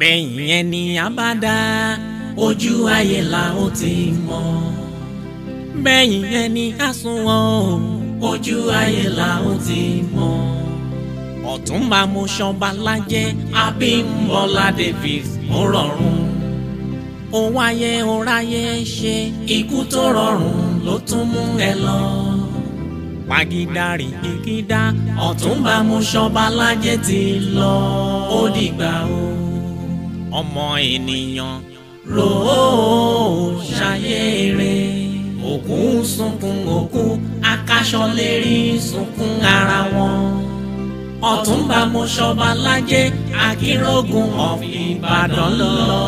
bẹ́yìn yẹn ni a bá dá ojú ayé la ó ti mọ̀. bẹ́yìn yẹn ni a sùn wọ́n ojú ayé la ó ti mọ̀. ọ̀túnba mo ṣọba lájẹ́ Abímbọ́lá Davis mo rọrùn. òun ayé òun ayé ṣe ikú tó rọrùn ló tún mú ẹ lọ pagidari ìkídá ọ̀túnba mú ṣọba lájẹ́ ti lọ ó dìgbà o ọmọ ènìyàn rò ó ṣayé rẹ̀ òkun sunkún òkun akáṣọ lérí sunkún ara wọn ọ̀túnba mọ́ṣọ́ba lájẹ́ akínrógun of Ìbàdàn lọ.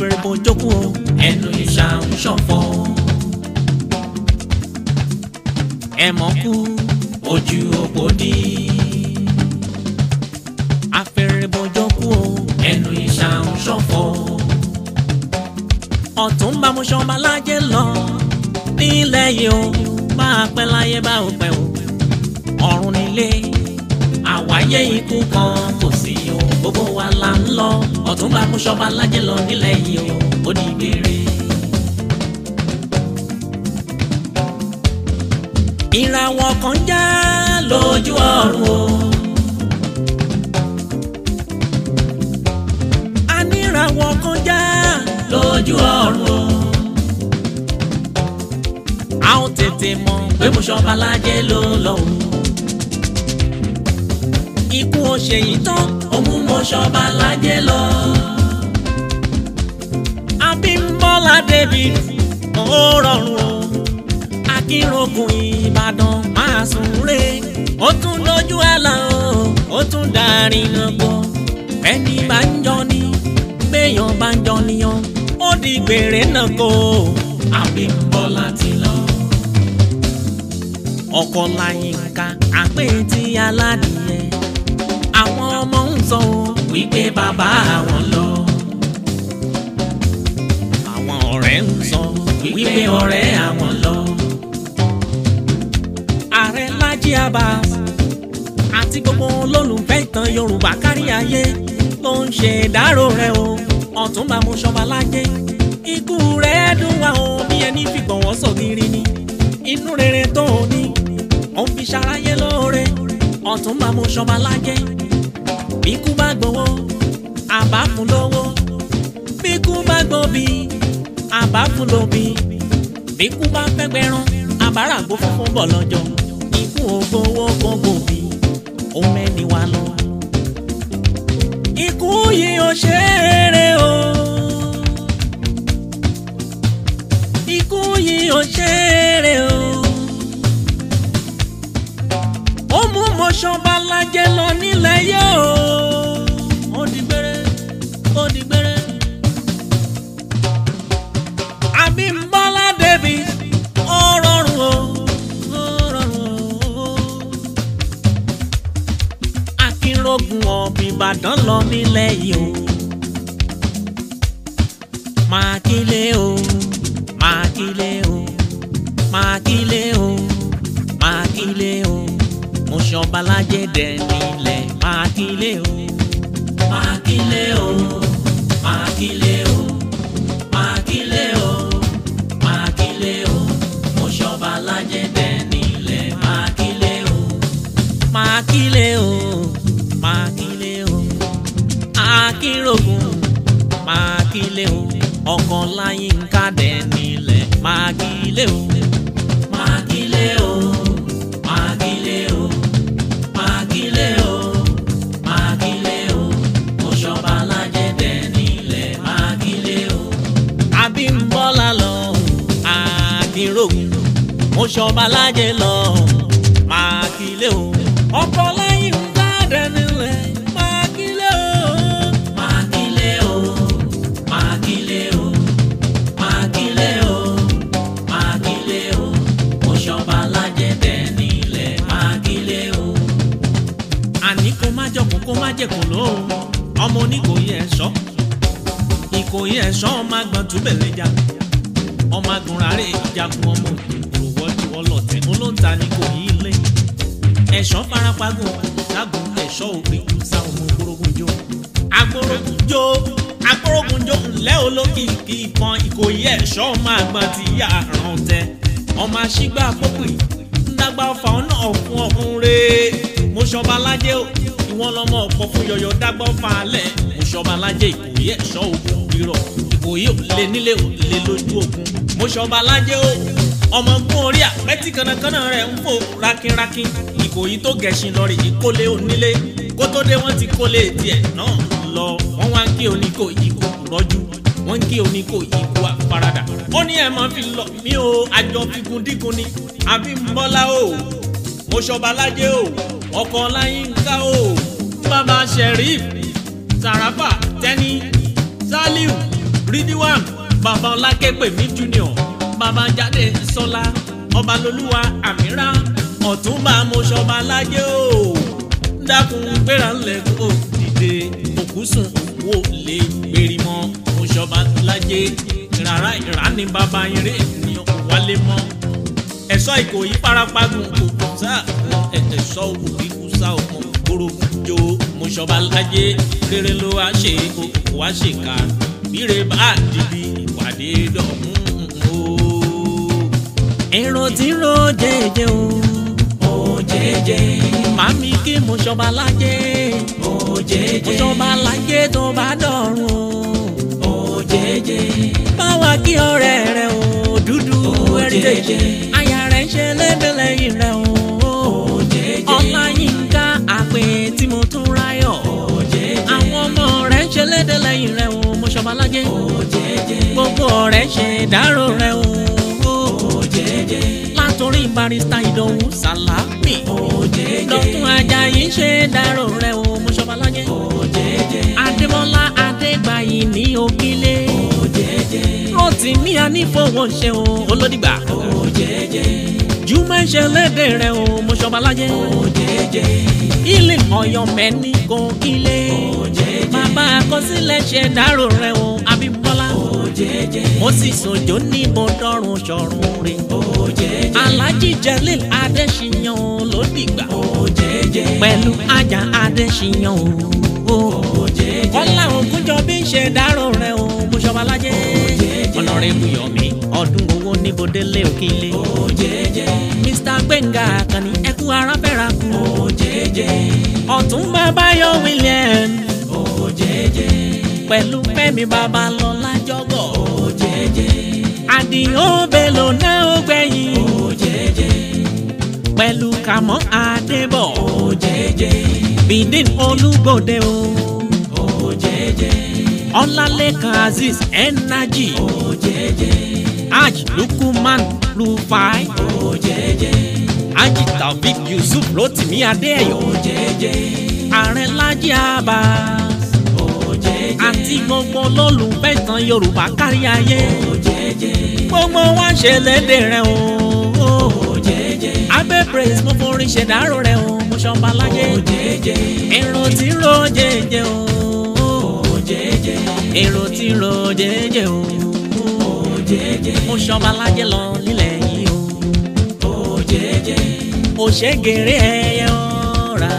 bẹ̀rẹ̀ bọ̀ jókòó o. ẹnu ìṣà ń ṣọ̀fọ̀. ẹ mọ̀ kú. ojú òpó dí. o. ẹnu ìṣà ń ṣọ̀fọ̀. ọ̀tún bá mo ṣọba lájẹ lọ nílẹ̀ yìí o bá a pẹ́ láyé bá o pẹ́ o ọ̀run nílé àwáyé ikú kan kò sí o gbogbo wa là ń lọ ọ̀túnba kò ṣọba lájẹ lọ nílẹ̀ yìí o ó di gbére. ìràwọ̀ kan já lójú ọ̀run o. a ní ìràwọ̀ kan já lójú ọ̀run o. a ò tètè mọ̀ pé mo ṣọba lájẹ ló lọ́wọ́ ikú ó ṣe yìí tán òun mo ṣọba lajẹ lọ. Abímbọ́lá David ó rọrùn o akínrokùn Ìbàdàn máa sùn re ó tún lójú àlà o ó tún darin náà gbọ́ ẹni bá ń jọ ni gbéyàn bá ń jọ níyàn ó di gbèrè náà kó Abímbọ́lá ti lọ ọkọ láyínká àpèntí aládìyẹ ọmọ ń sọ o wípé bàbá àwọn lọ. àwọn ọ̀rẹ́ ń sọ wípé ọ̀rẹ́ àwọn lọ. ààrẹ Laji Abbas àti gbogbo olólùfẹ́ ìtàn Yorùbá kárí ayé ló ń ṣe ìdárò rẹ̀ o Ọ̀túnba Mọ́ṣọ́ba Lájé ikú rẹ̀ dùn wá o bí ẹni fi gbọ̀wọ́ sọ̀gìrì ni inú rere tó o ní òun fi ṣaráyé lóore Ọ̀túnba Mọ́ṣọ́ba Lájé bíkú bá gbowó àbá fún lówó bíkú bá gbòbí àbá fún lóbi bíkú bá fẹ́ gbẹran àbáràgbó funfun bọ̀ lọ́jọ́ ikú ògbówó kó gbòbí ó mẹ́ni wá lọ. ikú yìí ò ṣe é rè o ikú yìí ò ṣe é rè o ó mú mọ́ṣọ́ bá lọ nílẹ̀. Makile o, makile o, makile o, makile o, mo ṣọbalájẹ dẹ̀mílẹ̀ makile o. Makile o, makile o, makile o, makile o, mo ṣọbalájẹ dẹ̀mílẹ̀ makile o. Makile o, makile o, akínrògùn makile o ọkàn láyínká dẹ̀nilẹ̀ mágílé o. mágílé o mágílé o mágílé o mágílé o ọ̀ṣọ́ba lájẹ́ dẹ̀nilẹ̀ mágílé o. la lọ àdìrò ọ̀ṣọ́ba lájẹ́ lọ mágílé o. ọkọ̀ jẹ̀kùn lóhùn ọmọ oníkòyí ẹ̀ṣọ́ ìkòyí ẹ̀ṣọ́ ọmọ agbọ̀n túbẹ̀lẹ́jà ọmọ agunrarè jagun ọmọ ìrọ̀wọ́ tiwọ́ lọ́tẹ̀ olóńtà ní kò yí ilé ẹ̀ṣọ́ farapagùn lágùn ẹ̀ṣọ́ òpin sa ọmọ agbórógunjó agbórógunjó agbórógunjó ńlẹ́ olókìkí kan ìkòyí ẹ̀ṣọ́ ọmọ àgbà ti yà ràn tẹ ọmọ aṣígbà pópin ńdàgbà fàwọn náà fún ọkùnrin mọ́ṣọ́ba lájẹ́ òkú wọn lọmọ ọkọ fún yọyọ dágbọ falẹ mọṣọba alájẹ ìkòyí ẹṣọ ogun rírọ ìkòyí òlé nílé òlé lójú ogun mọṣọba alájẹ o ọmọ gún orí àpẹtì kanakana rẹ ń fò rákínrákín ìkòyí tó gẹṣin lọ rí ìkólé onílé kótódé wọn ti kólé tiẹ náà lọ wọn wá ń kí oníkó ìkó rọjú wọ́n ń ké omi kò yí ó ní ẹ̀ máa fi lọ mí o àjọ fikun dígun ni àbí ń bọ́lá o mọ́ṣọ́balájẹ́ o ọkọ̀ láyínká o. Baba sheriff sarafa tẹni saliu ridiwan bàbá ọlákẹ́pẹ̀mí junior Baba jáde sọlá ọbalolúwa àmírà ọ̀túnba mọṣọba alájẹ o dákun gbéra ńlẹ̀ kó dìde òkú sùn wo lè gbérí mọ́ mọṣọba alájẹ rárá ìrání bàbá irin ènìyàn wálé mọ́ ẹ̀ṣọ́ ìkòyí farapa kò kùsà ẹ̀ṣọ́ òkùnkùn kùsà òkùnkùn gbòòrò jó mo ṣọba lájẹ rere ló wá ṣe o wá ṣe ká bíre bá dìbì ìpàdé dọ̀hún o. èrò tí ro jẹjẹ o. o jẹjẹ. màmí kí mo ṣọba lájẹ. o jẹjẹ. mo ṣọba lájẹ tó bá dọ̀run o. o jẹjẹ. báwa kí ọ̀rẹ́ rẹ o dúdú heritage. aya rẹ ń ṣe lébẹ̀lẹ̀ yìí rẹ o. o jẹjẹ. ọ̀la yìí. babalájé gbogbo ọ̀rẹ́ ṣe dárò rẹ o látòrí barista ìdánwò sàlámì lọ́tún ajayi ṣe dárò rẹ o mọ́ṣọ́balájé adébọ́lá adégbàyí ní ògìlè rọ́ọ̀tì ní anífọwọ́ṣe o olódìgbà jùmọ̀ ìṣẹ̀lẹ̀dẹ̀ rẹ o mọ́ṣọ́balájé ilé ọ̀yọ́mẹ́ ní kò kílé bàbá àkọsílẹ̀ ṣe dárò rẹ̀ o Abímbọ́lá. mo sì sòjó ní bọ́dọ́rùn ṣọ̀run rẹ̀. Alhaji Jelil Adéṣiyàn o ló dìgbà. pẹ̀lú ajá Adéṣiyàn o. Kọ́lá Ògúnjọ bí ń ṣe dárò rẹ̀ o Bùṣọ́ba Lájẹ́. ọ̀nàrẹ́ Bùyọ̀mí ọdún owó níbodélé òkìlẹ̀. Mr Gbẹ̀ngà Àkànní ẹkú arábẹ́ra kú. ọ̀tún bàbá yọ wílẹ̀ pẹ̀lú Fẹ́mi Babalọ́lá Jọ̀gọ̀. ó jẹ́jẹ́. Àdìó Bello náà ó gbẹ̀yìn. ó jẹ́jẹ́. pẹ̀lú Kàmọ́ Adébọ̀. ó jẹ́jẹ́. Bidin Olúgbòde o. ó jẹ́jẹ́. Ọlálékan Azeez Energy. ó jẹ́jẹ́. Haj Lukuman Rufai. ó jẹ́jẹ́. Haji Taofik Yusuf Rotimi Adéyọ̀. ó jẹ́jẹ́. Ààrẹ Lájí Àbá àti gbogbo olólùfẹ́ ìtàn Yorùbá kárí ayé gbogbo wa ṣe lédè rẹ o abẹ́ praise mo forin ṣèdárò rẹ o mo ṣọba láyé èrò tí ro jẹ́jẹ́ o èrò tí ro jẹ́jẹ́ o mo ṣọba láyé lọ nílẹ̀ yìí o òṣègèrè ẹyẹ ọ̀ra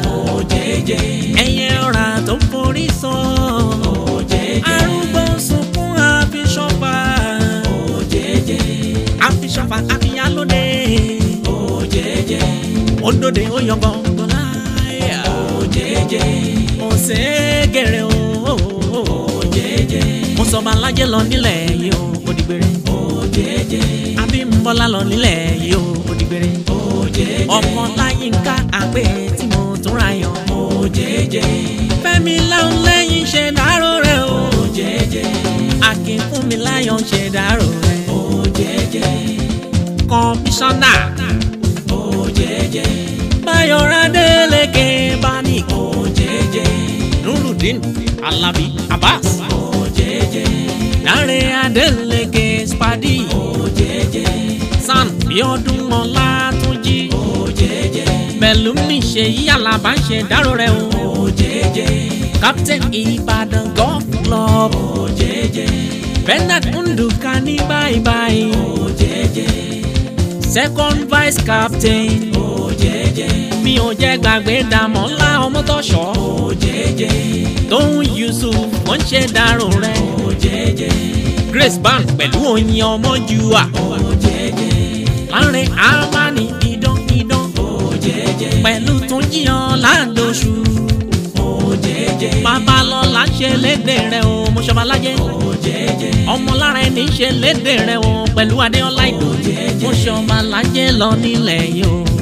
ẹyẹ ọ̀ra tó forí sọ. lóde ó yan gbọ̀ngàn láyà. ó jẹ́jẹ́. ó ṣe é gẹ̀rẹ́ o. ó jẹ́jẹ́. mo sọ ma lájẹ́ lọ nílẹ̀ yìí o òdìgbèrè. ó jẹ́jẹ́. Abímbọ́lá lọ nílẹ̀ yìí o òdìgbèrè. ó jẹ́jẹ́. ọmọ Láyínká àgbẹ̀ tí mo tún ra yàn. ó jẹ́jẹ́. Fẹ́mi láwọn lẹ́yìn ṣe dárò rẹ̀ o. ó jẹ́jẹ́. Akin fún mi láyọ̀ ṣe dárò rẹ̀. ó jẹ́jẹ́. kọmíṣánná. ó jẹ́jẹ́. Táyọ̀rá Délékè bá ní. ó jẹjẹ. Nurudeen Alabi Abbas. ó jẹjẹ. Dáre Adélékè Spadi. ó jẹjẹ. Sam Bíọ́dún Ọlátúnjí. ó jẹjẹ. Pẹ̀lúmi Ṣèyí Àlàbá ń ṣe dárò rẹ̀ o. ó jẹjẹ. Captain Ìbàdàn Golf Club. ó jẹjẹ. Bernard Ndùkà ní báyìí báyìí. ó jẹjẹ. Second Vice Captain. ó jẹjẹ mi ò jẹ́ gbàgbé dàmọ́ ńlá ọmọ tọ́ṣọ́ tóun Yusuf wọ́n ṣe dàrú rẹ̀ Grace Ban pẹ̀lú oyin ọmọ jùwà láàrin amani dídán dídán pẹ̀lú Túnjí Ọládòṣù babalọ́lá ṣe léde rẹ̀ o mọ̀ṣọ́balájẹ́ ọmọlára ẹni ṣe léde rẹ̀ o pẹ̀lú Adéọlá ìdòjẹ́ mọ̀ṣọ́balájẹ́ lọ nílẹ̀ yìí o.